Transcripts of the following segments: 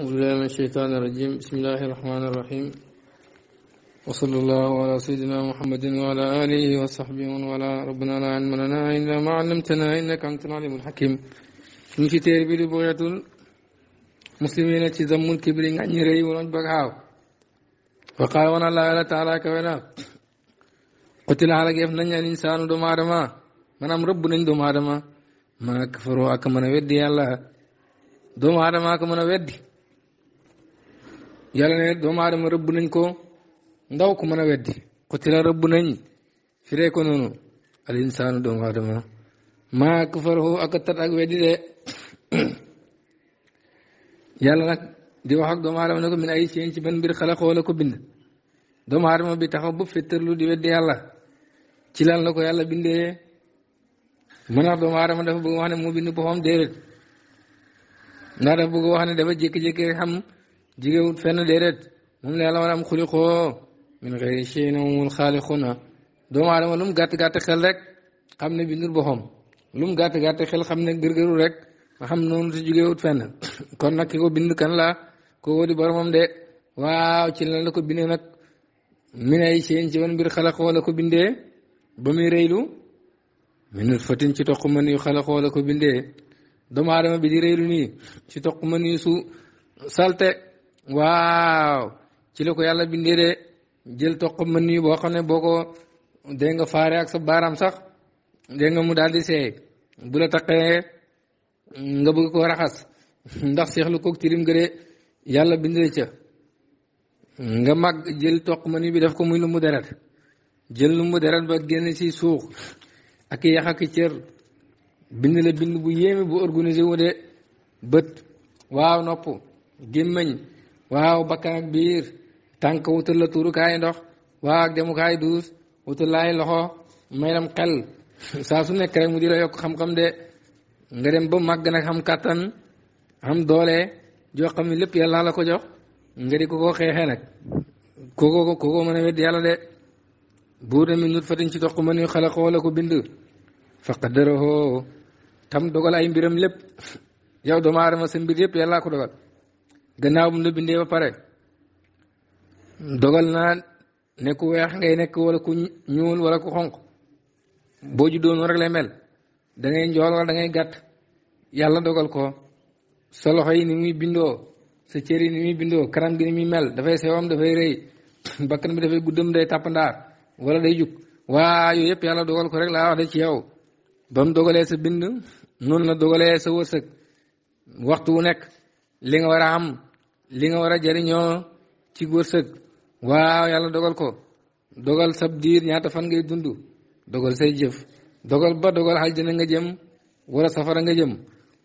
أعوذ الشيطان الرجيم بسم الله الرحمن الرحيم وصلى الله على سيدنا محمد وعلى آله وصحبه ولا ربنا لا علم لنا إلا ما علمتنا إنك أنت العليم الحكيم من في تيربي لبغية المسلمين تزموا الكبر عن يري ونجبك هاو فقال وانا لا إله تعالى كوينا قتل على كيف ننجى الإنسان دو مارما من أم ربنا دو مارما ما كفروا أكمنا ودي الله دو مارما أكمنا ودي yàlla ne doomu aadama rëbb nañ ko ndaw ku mën a weddi xutila rëbb nañ firee ko noonu al insaanu doomu aadama maa kafaroo ak tat ak weddi de yàlla ko bind doomu aadama bi taxaw bu fettarlu di weddi yàlla ci lan la ko yàlla bindee mën doomu aadama dafa bëgg wax ne moo bind boppam déedéet ndax dafa bëgg wax ne dafa jékki-jékki xam jigéewut fenn déedéet moom la yàlla war a am xuliqoo min xëy shay na mumul xaaliquna doomu aadama lu mu gàtt-gàtt xel rek xam ne bindul boppam lu mu gàtt-gàtt xel xam ne gërgëru rek nga xam noonu te jigéewut fenn kon nag ki ko bind kan la ko di boromam de waaw ci na la ko bindee nag min ay seen ci wan mbir xalaqoo la ko bindee ba muy rëylu minut fatin ci toq mën yu xalaqoo la ko bindee doomu aadama bi di rëylu nii ci toq mën yu su salte waaw ci la ko yàlla bindee de jël toq mën nii boo xam ne boo ko dégg nga faare ak sa baaraam sax dégg nga mu daal di seey bu la taqee nga bëgg koo raxas ndax seexlu koog tirim gë de yàlla bindee ca nga mag jël toq mën bi def ko muy lu mu deret jël lu mu deret ba génn ci suux ak yax ak cër bind la bind bu yéeme bu organisé wu de bët waaw nopp gémmañ waaw bakkan ak biir tànk wutal la tuurukaay ndox waaw ak demukaay duus wutal laay loxo may lam xel saa su nekk rek mu di la yokk xam-xam de nga dem ba màgg nag xam kàttan xam doole joo xam ne lépp yàlla la ko jox nga di ko koo xeexee nag kooko kooko mën a wedd yàlla de buur na mi nut fatin ci doq mën u xalaxoo la ko bind faqadarahu tam dogal ay mbiram lépp yow doomu aadama sa mbir yëpp yàllaa ko dogal gannaaw bu mu la bindee ba pare dogal naa ne ku weex ngay nekk wala ku ñuul wala ku xonq boo juddoo noonu rek lay mel dangay ngay njool wala da ngay gàtt yàlla dogal ko sa loxo yi ni muy bindoo sa cër yi ni muy bindoo kanam gi ni muy mel dafay sewam dafay rëy bakkan bi dafay guddam day tàppandaar wala day jug waa yooyu yëpp yàlla dogal ko rek laa wax de ci yow ba mu dogalee sa bind noonu la dogalee sa wërsëg waxtu wu nekk li nga am li nga war a jëriñoo ci wërsëg waaw yàlla dogal ko dogal sab diir ñaata fan ngay dund dogal say jëf dogal ba dogal aljana nga jëm wala safara nga jëm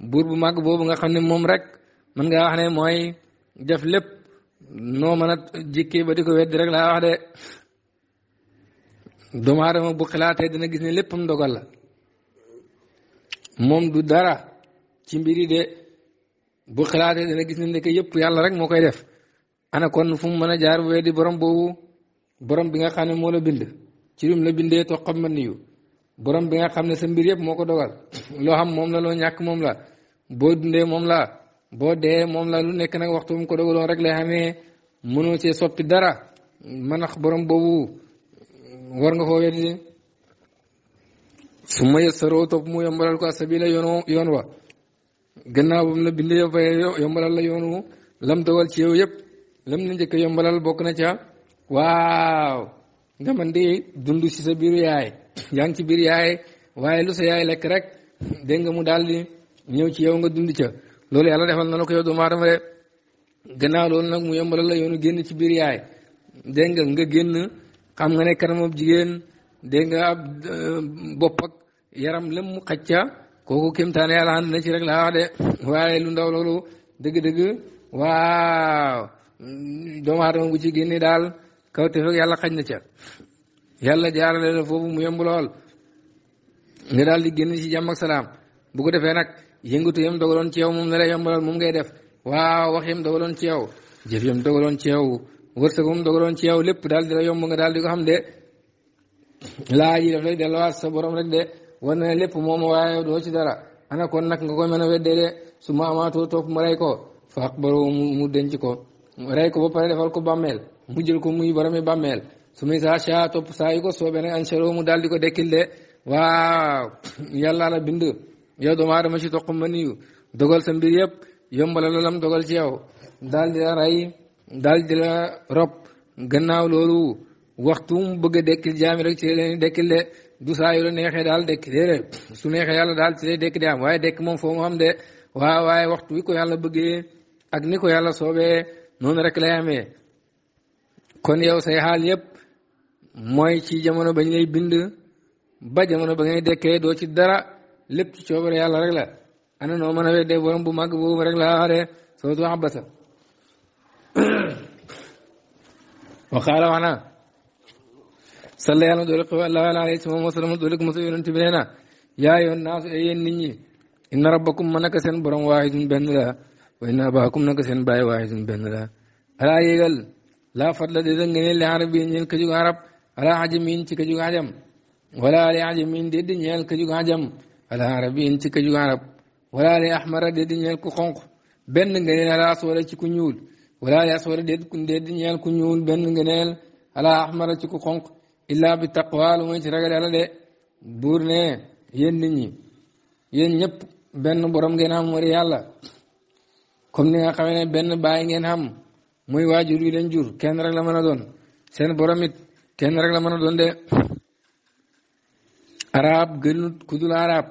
buur bu màgg boobu nga xam ne moom rek mën nga wax ne mooy def lépp noo mën a jikkee ba di ko weddi rek laa wax de doomu aadama bu xalaatee dina gis ne léppam dogal la moom du dara ci mbiri de bu xalaatee dana gis ne ndeke yëpp yàlla rek moo koy def ana kon fu mu mën a jaar bu weddi borom boobu borom bi nga xam ne moo la bind ci lim la bindee to xam man niyu borom bi nga xam ne sa mbir moo ko dogal loo xam moom la loo ñàkk moom la boo dundee moom la boo dee moom la lu nekk nag waxtu mu ko dogaloon rek lay xamee mënoo cee soppi dara manax borom boobu war nga koo weddi su ma yës saroo topp mu yombalal ko asabila yoon wa gannaaw ba mu la bind yow yombalal la yoonu lam dawal ci yow yëpp lam la njëkk yombalal bokk na ca waaw nga man di dund si sa biiru yaay yaa ngi ci biir yaay waaye lu sa yaay lekk rek dégg nga mu daal di ñëw ci yow nga dund ca loolu yàlla defal na la ko yow doomu aadama de gannaaw loolu nag mu yombalal la yoonu génn ci biir yaay dégg nga génn xam nga ne kanamam jigéen dégg nga ab euh, yaram lem mu ca kooku kéemtaane yàlla ànd na ci rek laa wax de waaye lu ndaw loolu dëgg-dëgg waaw doomu aadama bu ci génne daal kaw te fekk yàlla xaj na ca yàlla jaarale la foofu mu yomb lool nga daal di génn ci jàmm ak salaam bu ko defee nag yëngatu yam dogaloon ci yow moom la lay yombaloon moom ngay def waaw wax yam dogaloon ci yow jëf yam dogaloon ci yow wërsëgum dogaloon ci yow lépp daal di la yomb nga daal di ko xam de laaj yi daf lay delluwaat sa borom rek de war na lépp moom waaye doo ci dara ana kon nag nga koy mën a weddee de su ma amaatoo topp mu rey ko fa akbaroo mu denc ko rey ko ba pare defal ko bàmmeel mu jël ko muy boromi bàmmeel su muy saa saa saa yu ko soobee nag ancharo mu daal di ko dekkil de waaw yàlla bind yow doomu ma si toq ma niyu dogal sa mbir yëpp yombalal la lam ci yow daal di la rey daal gannaaw loolu waxtu mu bëgg a dekkil jaami dekkil de du saa yu neexee daal dekk déedéet su neexee yàlla daal ci lay dekk di am waaye dekk moom foo mu am de waaw waaye waxtu wi ko yàlla bëggee ak ni ko yàlla soobee noonu rek lay amee kon yow say xaal yëpp mooy ci jamono bañ lay bind ba jamono ba ngay dekkee doo ci dara lépp ci coobare yàlla rek la ana noo mën a weddee borom bu màgg boobu rek laa waxee soo tu abasa wa wax na salla yàlla doole ko allah alayhi salaam wa salaam doole ko mos a yonent bi nee na yaa yoon naasu e yéen nit ñi inna rabbakum ma naka seen borom waahidun benn la wa inna abaakum naka seen baay waahidun benn la alaa yégal laa fadla déedéet ngeen li arab yi ñeel ka jug arab alaa ajamiin ci ka jug ajam wala li ajamiin déedéet ñeel ka jug ajam alaa arabiin ci ka jug arab wala li ahmara déedéet ñeel ku xonq benn ngeen alaa aswara ci ku ñuul wala li aswara déedéet ñeel ku ñuul benn ngeen alaa ahmara ci ku xonq illaa bi taqwa lu mooy ci ragal yàlla de buur ne yéen nit ñi yéen ñëpp benn borom ngeen am wari yàlla comme ni nga xamee ne benn baay ngeen xam muy waajur yi leen jur kenn rek la mën a doon seen borom it kenn rek la mën a doon de arab gënut kudul arab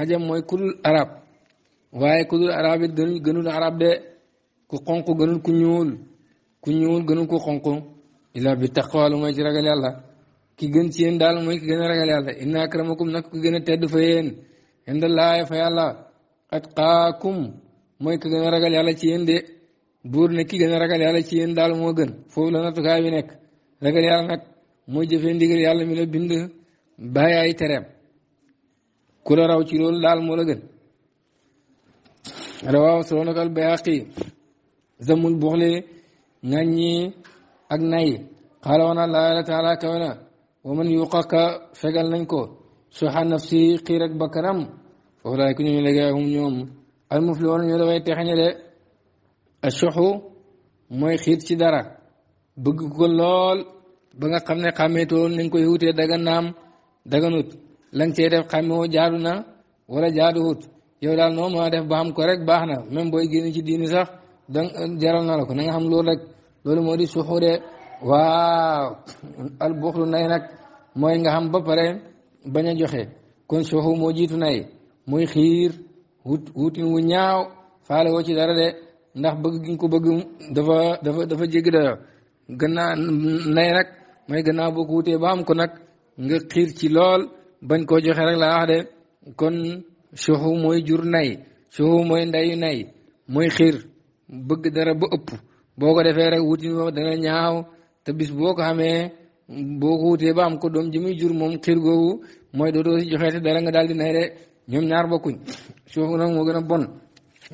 ajam mooy kudul arab waaye kudul arab it gënu gënul arab de ku xonq gënul ku ñuul ku ñuul gënul ku xonq illa bi taqwa lu mooy ci ragal yàlla kii gën ci yéen daal mooy ki gën a ragal yàlla inna akramakum nag ki gën tedd fa yéen indallaahi fa yàlla atqaakum mooy ki gën ragal yàlla ci yéen de buur ne gën ragal yàlla ci yéen daal moo gën foofu la nattukaay bi nekk ragal yàlla nag mooy jëfee ndigal yàlla mi bind bàyyi tereem ku raw ci loolu daal moo la gën rawaaw solo nag al zamul buxle ngaññi ak nay xaala wana laa taala kawena waman yuqaka fegal nañ ko suxa nafsi xiir ak bakkanam foofu laay ku ñooñu léegi hum ñoom al muflihoon ñoo daway texañe de a soxu mooy xiit ci dara bëgg ko lool ba nga xam ne xàmmeetoo nañ koy wutee daga naam daganut lañ cee def woo jaadu na wala jaaduwut yow daal noo ma def ba xam ko rek baax na même booy génn ci diini sax dang jaral na ko na nga xam loolu loolu moo di suxu de waaw albuxlu nay nag mooy nga xam ba pare bañ a joxe kon soxu moo jiitu nay muy xiir wut wutin wu ñaaw faale woo ci dara de ndax bëgg gi ko bëgg dafa dafa dafa jéggi dayo nay nag mooy gannaaw boo wutee ba am ko nag nga xiir ci lool bañ koo joxe rek laa wax de kon soxu mooy jur nay soxu mooy ndeyu nay mooy xiir bëgg dara ba ëpp boo ko defee rek wutin wo dana ñaaw te bis boo ko xamee boo ko wutee ba am ko doom ji muy jur moom xiir googu mooy dootoo si joxeete dara nga daal di nay de ñoom ñaar bokkuñ suuf nag moo bon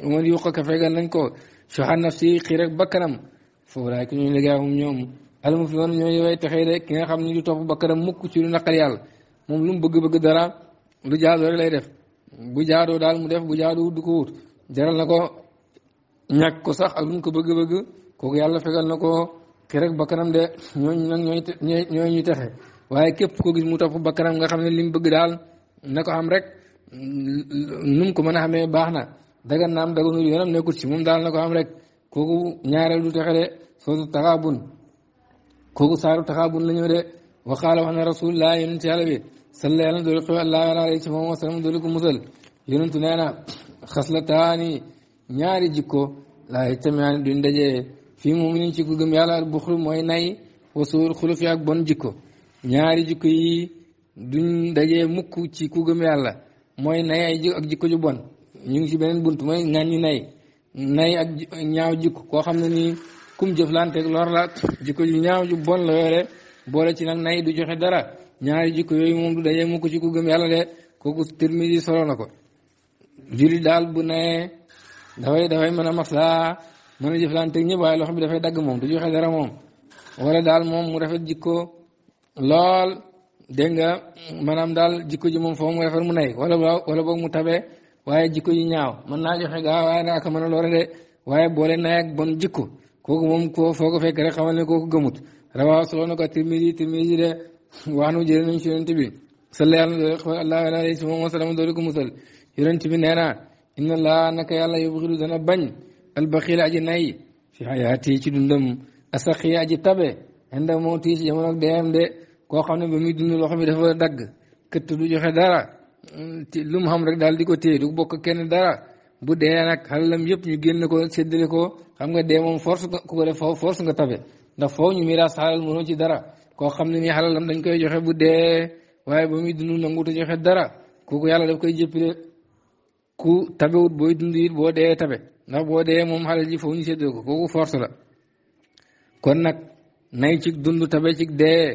man nañ ko soxal naf si xiir ak bakkanam foofu laay ko ñooñu liggéeyam ñoom alamu fi woon ñooñu texee de ki nga xam ne du topp bakkanam mukk ci lu naqar yàlla moom lu mu bëgg-bëgg dara lu jaadoo lay def bu jaadoo daal mu def bu jaadoo du ko wut jaral na ko ñàkk ko sax ak lu ko bëgg-bëgg kooku yàlla fegal na ko ki rek bakkanam de ñooñu nag ñooy ñooy ñu texe waaye képp koo gis mu topp bakkanam nga xam ne li bëgg daal na ko am rek nu mu ko mën a xamee baax na dagan naam daganul yoonam nekkul ci moom daal na ko am rek kooku ñaareel du texe de soosu taxaabun kooku saaru taxaabun la ñëw de waxaala wax na rasulullah yonent yàlla bi salla yàlla doolu xew allah alayhi wa sallam doolu ko musal yonentu nee na xaslataani ñaari jikko laa yajtamiaani duñ fii muminin ci ku gëm yàlla buxru mooy nay wasuur xuluf yi ak bon jikko ñaari jikko yi du dajee mukk ci ku gëm yàlla mooy nay ay ak jikko ju bon ñu ngi ci beneen bunt mooy ngaan ñi nay nay ak ñaaw jikko koo xam ne nii kum jëflanteeg lor la jikko ju ñaaw ju bon la yore boole ci nag nay du joxe dara ñaari jikko yooyu moom du dajee mukk ci ku gëm yàlla de kooku Tirmidi solo na ko julli daal bu nayee dafay dafay mën a maslaa mën a jëflante ñëpp waaye loxo bi dafay dagg moom du joxe dara moom wala daal moom mu rafet jikko lool dégg nga maanaam daal jikko ji moom foofu mu rafet mu nay wala wala boog mu tabee waaye jikko ji ñaaw mën naa joxe gaa waaye nag ak mën a loore de waaye boole na ak bon jikko kooku moom ko foo ko fekk rek xamal ne kooku gëmut rawaa solo ko ko tirmidi tirmidi de wax nu jëlee nañ ci yonent bi salla allahu alayhi wa sallam doori ko musal yonent bi nee na inna laa naka yàlla yubxidu dana bañ albaxiil aji nay fi xayaati ci dundam asaqiya tabe inda mawti ci koo xam ne ba muy dund loxo mi dafa dagg këtt du joxe dara lu mu xam rek daal di ko téye du bokk kenn dara bu dee nag xalalam yëpp ñu génn ko séddale ko xam nga dee moom force ku nga tabe ndax ñu miraas xalal mënoo ci dara koo xam ne nii xalalam dañ koy joxe bu dee waaye ba muy dund nanguta joxe dara kooku yàlla daf koy jëppile ku tabewut booy dund it boo dee tabe ndax boo dee moom xale ji foofu ñu séddoo ko kooku force la kon nag nay ci dund tabe ci dee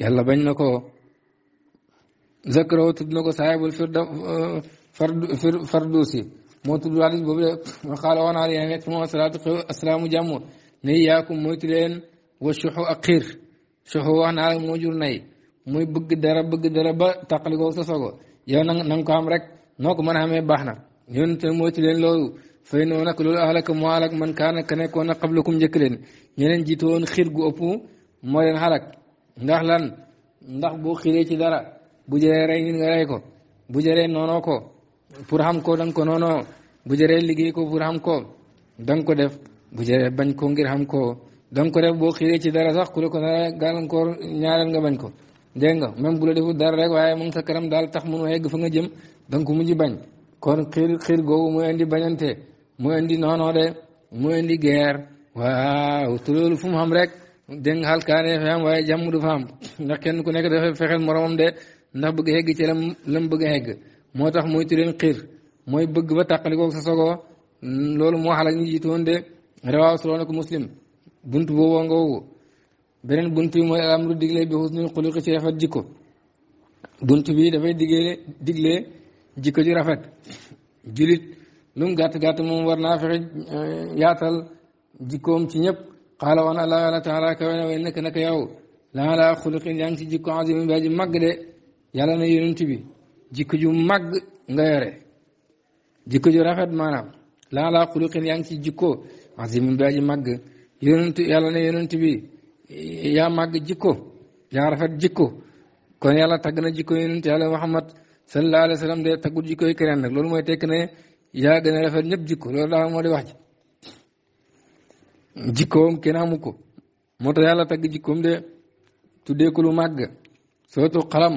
yàlla bañ na ko zakraw tudd na ko saahibul firda fardusi moo tudd hadis boobu de ma xaala naa leen wax naa moo jur nay muy bëgg dara bëgg dara ba taqali ko sa sogo yow na ko am rek noo ko mën a xamee baax na. yonent moytu leen loolu fay noo nag loolu ahlaka moo alak man kaa nag ka nekkoon na qablakum njëkk leen ñeneen jiitu woon xiir gu ëpp moo leen xalak ndax lan ndax boo xiree ci dara bu jëree rey nga rey ko bu jëree noonoo ko pour xam ko da nga ko noonoo bu jëree liggéey ko pour xam ko da ko def bu jëree bañ ko ngir xam ko da ko def boo xiree ci dara sax ku la ko dara gàllankoor ñaareel nga bañ ko dégg nga même bu la dara rek waaye moom sa karam daal tax mënoo yegg fa nga jëm da ko mujj bañ kon xiir xiir googu mooy indi bañante mooy indi noonoo de mooy indi guerre waaw te loolu fu mu xam rek dégg nga xalkaane fi waaye jam du fa am ndax kenn ku nekk dafay fexeel moromam de ndax bëgg hegg ci lam lam bëgg hegg moo tax mooy tuddeen xiir mooy bëgg ba tàqalikoog sa sogoo loolu moo xalak ñu jiitu de rawaaw soloona ko muslim bunt booboo nga woowu beneen bunt bi mooy am lu digle bi xusnul xuluqi ci rafet jikko bunt bi dafay digle jikko ju rafet julit lu mu gàtt gàtt moom war naa eh, yaatal jikkoom ci ñëpp xaala wan allah àlla taala kawe na way nekk naka yow laa laa xuluqin yaa ngi si jikko azim bi aji màgg de yàlla na yonent jikko ju màgg nga yore jikko ju rafet maanaam laa laa xuluqin yaa ngi si jikko azim bi aji màgg yonent yàlla na yonent bi eh, màgg jikko yaa rafet jikko kon yàlla tagg na jikko yonent yàlla Muhammad sallallahu alayhi wa sallam de taggut jikko yi keneen nag loolu mooy tekk ne yaa gën a rafet ñëpp jikko loolu daal moo di wax ji jikkoom kenn amu moo tax yàlla tagg jikkoom de tuddee ko lu màgg sootu xalam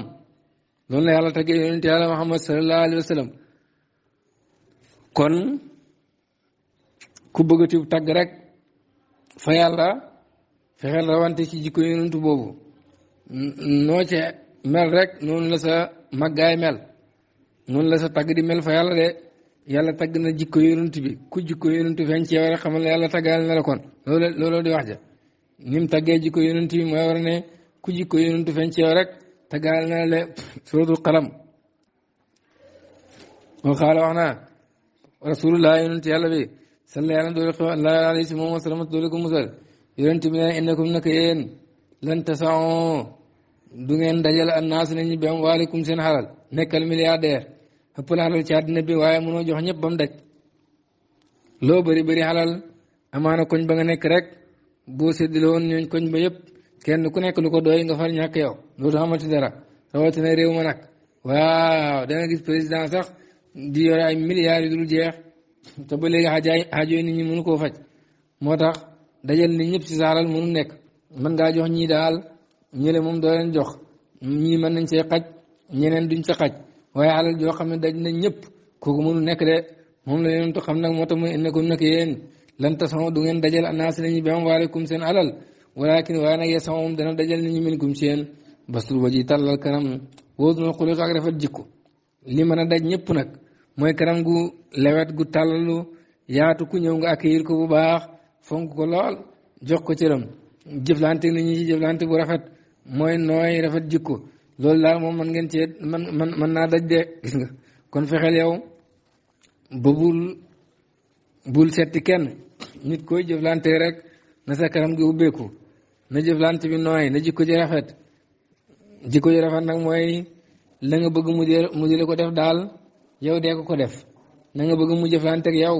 loolu la yàlla taggee yonent yàlla Muhammad sallallahu alayhi kon ku bëggati tagg rek fa yàlla fexeel rawante ci jikko yonentu boobu noo ci mel rek noonu la màggaay mel noonu la sa tagg di mel fa yàlla de yàlla tagg na jikko yonent bi ku jikko yonent feeñ ci yow rek xamal yàlla taggaal na la kon loolu loolu di wax taggee jikko yonent bi mooy war ku jikko yonent feeñ ci yow rek taggaal na la suratul qalam wa xaala wax naa rasulullah yonent yàlla bi salla yàlla doole xew allah alayhi du ngeen dajale annaas na bi am waalikum seen xalal nekkal milliardaire ëpp la xalal ci àddina bi waaye mënoo jox ñëpp ba mu daj loo bëri bëri xalal amaana koñ ba nga nekk rek boo séddale woon ñooñ koñ yëpp kenn ku nekk lu ko doy nga far ñàkk yow loolu xamati dara rawatina réew ma nag waaw da nga président sax di yore ay milliards ba léegi xajaay xajooy ñi mënu koo faj moo tax dajal nit ñëpp si sa xalal mënu nekk mën ngaa jox ñii daal. ñële moom doo leen jox ñii mën nañ see xaj ñeneen duñ sa xaj waaye alal joo xam ne daj nañ ñëpp kooku mënu nekk de moom la yonentu xam nag moo tax muy nekkoon nag yéen lan tasaw du ngeen dajal anaas nañu bi am waalekum seen alal walakin waaye nag yeesam moom dana dajal nañu min kum seen bastul waji tàllal kanam wóor na xuliq ak rafet jikko li mën a daj ñëpp nag mooy kanam gu lewet gu tàllalu yaatu ku ñëw nga accueillir ko bu baax fonk ko lool jox ko cëram jëflante nit ñi bu rafet mooy nooy rafet jikko loolu daal moom man ngeen cee man man mën naa daj de gis nga kon fexeel yow ba bul bul setti kenn nit koy jëflante rek na sa kanam gi ubbeeku na jëflante bi nooy na jikko ji rafet jikko ji rafet nag mooy la nga bëgg mu dee mu ko def daal yow dee ko ko def na nga bëgg mu jëflante ak yow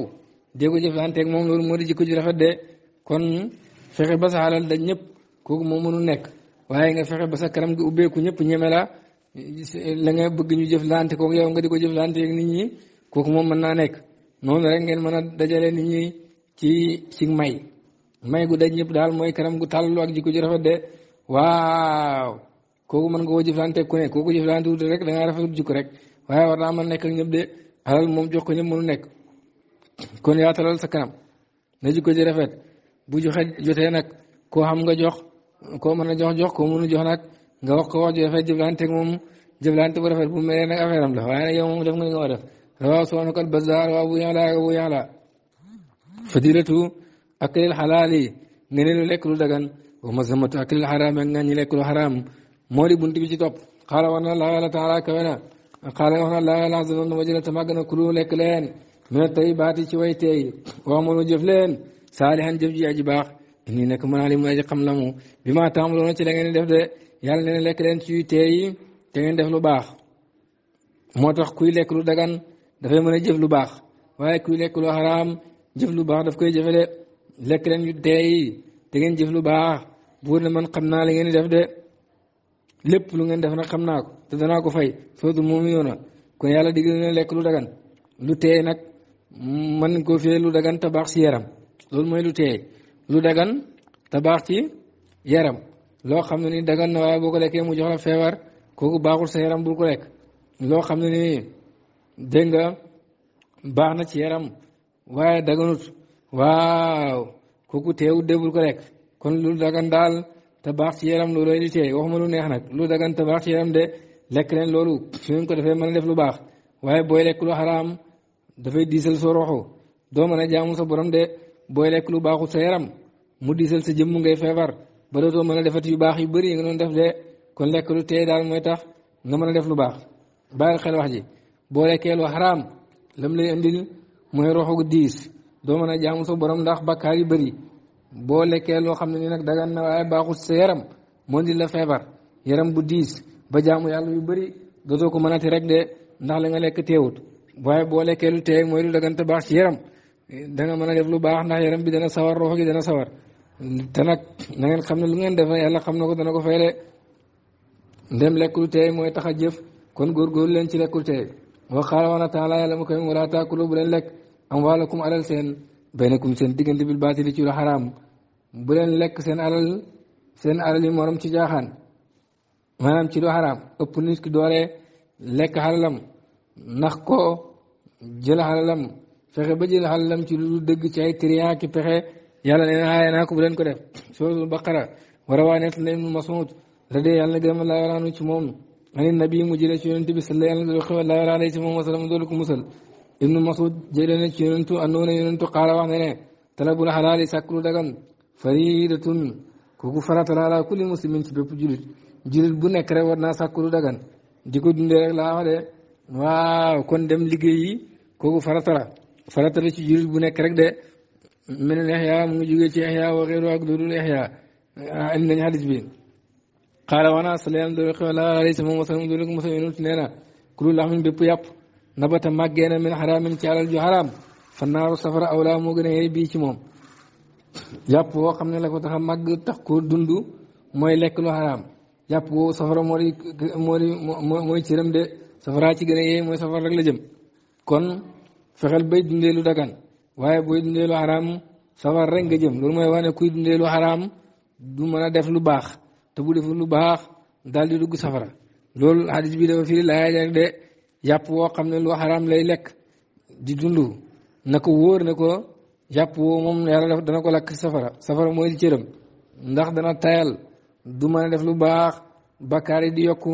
dee ko jëflante ak moom loolu moo di jikko ji rafet de kon fexe ba sa xalal daj ñëpp kooku moo mënul nekk waaye nga fexe ba sa kanam nga ubbeeku ñëpp ñeme la la nga bëgg ñu jëflante kooku yow nga di ko jëflante ak nit ñi kooku moom mën naa nekk noonu rek ngeen mën a dajale nit ñi ci ci may may gu daj ñëpp daal mooy kanam gu tàllu ak jikko ju rafet de waaw kooku mën nga koo jëflante ku ne kooku jëflante wut rek da ngaa rafetlu rek waaye war naa mën nekk ak ñëpp de alal moom jox ko ñëpp mënu nekk kon yaatalal sa kanam na jikko ji rafet bu joxe jotee nag koo xam nga jox. koo mën a jox jox koo mën a jox nag nga wax ko wax ju rafet jëflante moom jëflante bu rafet bu meree nag affaire am la waaye nag yow moom def nga nga war a def rawa soonu kat bazaar waa bu yàlla ak bu yàlla fadilatu aklil xalaal yi nga ne lu lekk lu dagan wa mazamatu aklil xaraam ak nga ñi lekk lu xaraam moo di bunt bi ci topp xaala wax na la yàlla taala kawe na tayibaati ci way teey wax moonu jëf leen saalihan jëf ji aji nii nag mën naa li mooy xam la mu bi maa tàmbaloon ci la ngeen de yàlla na lekk leen ci te ngeen def lu baax moo tax kuy lekk lu dagan dafay mën a jëf lu baax waaye kuy lekk lu xaraam jëf lu baax daf koy jëfe lekk leen yu tee yi ngeen jëf lu baax buur ne man xam naa li ngeen def de lépp lu ngeen def nag xam naa ko te danaa ko fay soo du moom yoona kon yàlla digal na lekk lu dagan lu teey nag man ko fee lu dagan te baax si yaram loolu mooy lu teey lu dagan te baax ci yaram loo xam ne ni dagan na waaye boo ko lekkee mu jox la feebar kooku baaxul sa yaram bul ko lekk loo xam ne ni dégg nga baax na ci yaram waaye daganut waaw kooku ko lekk kon lu dagan daal te baax ci yaram loolu di tee waxuma lu neex nag lu dagan te baax ci yaram de lekk leen loolu suñu ko defee mën def lu baax waaye booy lekk lu xaraam dafay diisal soo roxo doo mën jaamu sa borom de boo lekk lu baaxul sa yaram mu diisal sa jëmm ngay feebar ba dootoo mën a defati yu baax yu bëri yi nga doon def de kon lekk lu tey daal mooy tax nga mën a def lu baax bàyyil xel wax ji boo lekkee lu xaraam lam lay mooy roxu diis doo mën a jaamu sa borom ndax bakkaar yu bëri boo lekkee loo xam ne ni nag dagan na waaye baaxul sa yaram moo indil la feebar yaram bu diis ba jaamu yàlla yu bëri dootoo ko mënati rek de ndax la nga lekk teewut waaye boo lekkee lu tey mooy lu dagan te baax ci yaram dana mën a def lu baax ndax yaram bi dana sawar roxo gi dana sawar te nag na ngeen xam ne lu ngeen def yàlla xam na ko dana ko fayle ndem lekkul tey mooy tax a jëf kon góorgóorlu leen ci lekkul tey wax xaala wax na taala yàlla mu koy wala taakulu bu leen lekk am waalakum alal seen baynakum seen diggante bil baatili ci lu xaraam bu leen lekk seen alal seen alal yi morom ci jaaxaan maanaam ci lu xaraam ëpp nit ki doole lekk xalalam nax ko jël xalalam fexe ba jël xàllam ci lu dëgg ci ay trian ki pexe yàlla nee na aaye naa ko bu leen ko def suratul baqara war a waa nett la ibnu masud la dee yàlla gërëm laa waraanu ci moom ani nabi mu jëlee ci yonent bi sala yàlla doo xewal laa waraanu ci moom wasalam doolu ko musal ibnu masud jëlee na ci yonentu andoona yonentu xaala wax ne ne talabul xalaali sàkkulu dagan faridatun kooku farata la ala kulli muslimin ci bépp julit julit bu nekk rek war naa sàkkulu dagan di ko dundee rek laa wax de waaw kon dem liggéey yi kooku farata la farata ci jullit bu nekk rek de mel ne Ihya mu ngi jugee ci Ihya wa xeeru ak lu dul Ihya xadis bi xaala wana salyam dol xew la alaysa moom wasalm dol mosa yonut nee bépp yàpp nabata màggee na min xaraamin ci ju xaraam fa naaru safara moo gën a yey bii ci moom yàpp woo xam ne la ko tax a màgg tax ko dund mooy lekk lu xaraam yàpp woowu safara moo di moo di mooy cëram de safara ci gën a yey mooy safara rek la jëm kon fexeel bay dundee lu dagan waaye booy dundee lu xaraam sawar rek nga jëm loolu mooy wane kuy dundee lu du mën a def lu baax te bu deful lu baax daal di dugg safara loolu hadis bi dafa firi laaya de yàpp woo xam ne lu xaraam lay lekk di dund na ko wóor ne ko yàpp woo moom yàlla def dana ko lakk safara safara mooy di cëram ndax dana tayal du mën a def lu baax bakkaar yi di yokk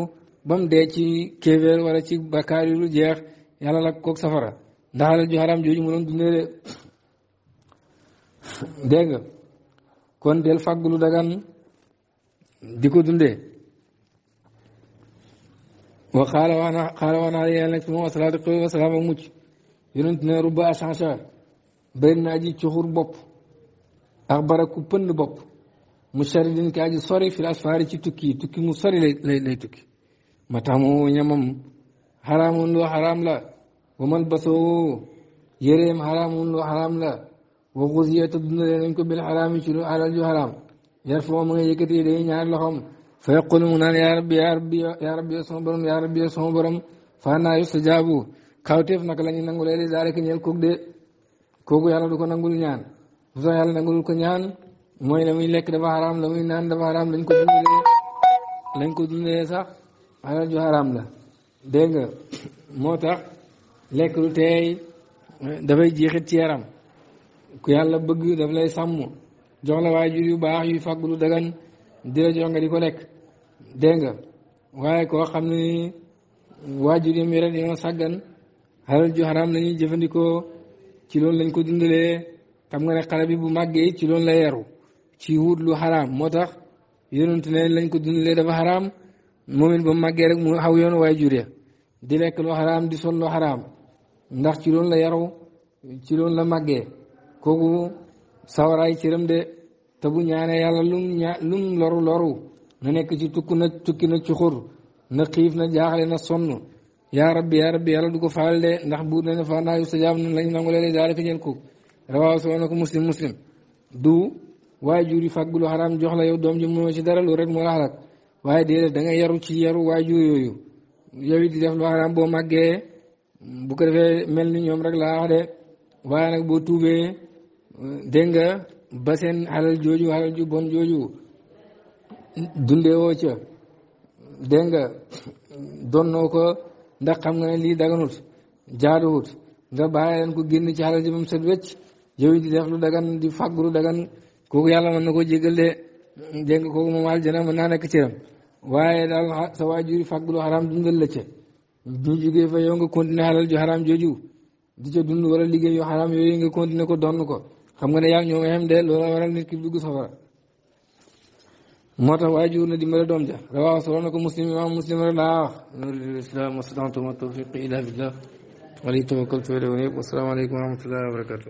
ba dee ci kéeféer wala ci bakkaar yi lu jeex yàlla lakk kook safara ndax alal ju xaram jooju mu doon dundee de dégg nga kon del fàgg lu dagan di ko dundee wa xaala wax na xaala wax naa yàlla nekk si moom asalaatu xew wasalaam ak mucc yonent ne rubba ashansa bëri naa ji cuxur bopp ak bara ku pënd bopp mu sari din kaa ji sori fi asfaari ci tukki tukki mu sori lay lay tukki ma tax moom ñamam xaraamoon loo xaraam la wa man basoo yéreem xaraamun lu xaraam la wa xusiya te dundalee nañ ko bil xaraami ci lu alal ju xaraam yar foo ma nga yëkkati day ñaar loxoom fa yaqulu mu naan yaa rabbi yaa rabbi yaa rabbi yaa rabbi yow sama faa naa yustajaabu kawteef naka la ñu nangu lee di daal ñeel koog de kooku yàlla du ko nangul ñaan bu sax yàlla nangul ko ñaan mooy la lekk dafa xaraam la muy naan ko dundalee lañ ko dundalee sax alal la dégg nga moo lekk lu teey dafay jeexit ci yaram ku yàlla bëgg daf lay sàmm jox la jur yu baax yuy fàgg lu dagan di la jox nga di ko lekk dégg nga waaye koo xam ne ni waajur yam yore dañoo sàggan xalal ju xaraam jëfandikoo ci loolu lañ ko dundalee xam nga ne xale bi bu màggee ci loolu la yaru ci wut lu moo tax yonent ne lañ ko dundalee dafa xaraam moom it ba mu màggee rek mu xaw yoonu yoon jur ya di lekk lu xaraam di sol lu xaraam ndax ci loolu la yaroo ci loon la màggee kooku sawaraay cëram de te bu ñaanee yàlla lum ña lum loru loru na nekk ci tukku na tukki na cuxur na xiif na jaaxale na sonn yaa rabbi yaa rabbi yàlla du ko faal de ndax buur na ne faa naa sa sajaab noonu lañu nangu leen daal ka ñel ko rawaaw soo na ko muslim muslim du waajur yi fàgg lu xaraam jox la yow doom ji mënoo ci dara lu rek moo la xalaat waaye déedéet da nga yaru ci yaru waajur yooyu yow it di def boo màggee bu ko defee mel ni ñoom rek laa wax de waaye nag boo tuubee dégg nga ba seen jooju alal ju bon jooju dundee woo ca dégg nga donnoo ko ndax xam nga ne lii daganut jaaduwut nga bàyyi leen ko génn ci alal ji moom set wecc yow di def lu dagan di fàgguru dagan kooku yàlla mën na ko jégal de dégg nga kooku moom aljana mën naa nekk cëram waaye daal sa waajur fàggulu xaraam dundal la ca juuju gi fa yow nga continuer halal ju haram jooju di ca dund wala liggéey yu haram yooyu nga continuer ko donn ko xam nga ne yaa ñoo nga de loolu waral nit ki dugg safara moo tax waaye na dimbale doom ja rawaaw solo na ko muslim imaam muslim rek laa wax nuurul islam wastatantuma tawfiqi illa billah alayhi tawakkaltu wa ilayhi unib wassalaamu aleykum wa rahmatullahi wa barakatuh